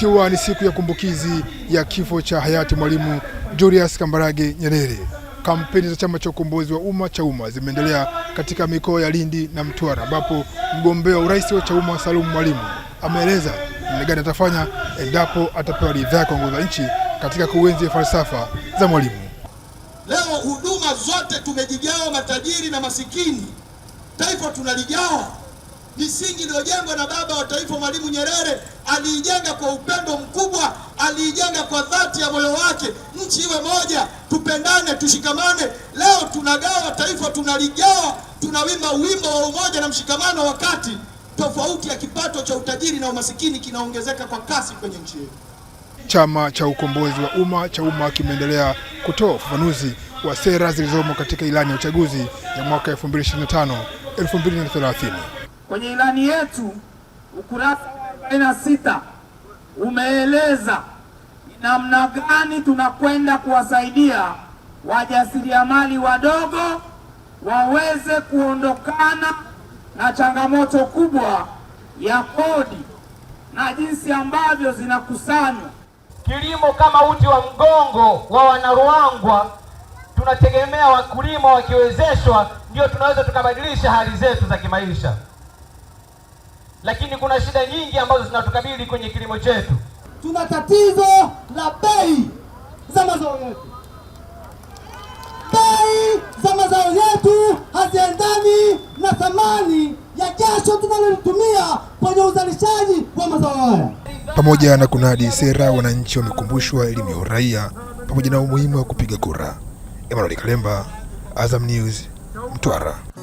Ikiwa ni siku ya kumbukizi ya kifo cha hayati Mwalimu Julius Kambarage Nyerere, kampeni za chama cha ukombozi wa umma CHAUMMA zimeendelea katika mikoa ya Lindi na Mtwara, ambapo mgombea wa urais wa CHAUMMA Salum Mwalimu ameeleza namna gani atafanya endapo atapewa ridhaa ya kuongoza nchi katika kuenzi falsafa za Mwalimu. Leo huduma zote tumejigawa, matajiri na masikini, taifa tunaligawa misingi iliyojengwa na baba wa taifa Mwalimu Nyerere aliijenga kwa upendo mkubwa, aliijenga kwa dhati ya moyo wake. Nchi iwe moja, tupendane, tushikamane. Leo tunagawa taifa, tunaligawa, tunawimba wimbo wa umoja na mshikamano, wakati tofauti ya kipato cha utajiri na umasikini kinaongezeka kwa kasi kwenye nchi yetu. Chama cha Ukombozi wa Umma cha umma kimeendelea kutoa ufafanuzi wa sera zilizomo katika ilani ya uchaguzi ya mwaka 2025 2030. Kwenye ilani yetu ukurasa wa 46 umeeleza namna gani tunakwenda kuwasaidia wajasiriamali wadogo waweze kuondokana na changamoto kubwa ya kodi na jinsi ambavyo zinakusanywa. Kilimo kama uti wa mgongo wa wanaruangwa, tunategemea wakulima wakiwezeshwa, ndio tunaweza tukabadilisha hali zetu za kimaisha lakini kuna shida nyingi ambazo zinatukabili kwenye kilimo chetu. Tuna tatizo la bei za mazao yetu. Bei za mazao yetu haziendani na thamani ya jasho tunalotumia kwenye uzalishaji wa mazao haya. Pamoja na kunadi sera, wananchi wamekumbushwa elimu ya uraia pamoja na umuhimu wa kupiga kura. Emmanuel Kalemba, Azam News, Mtwara.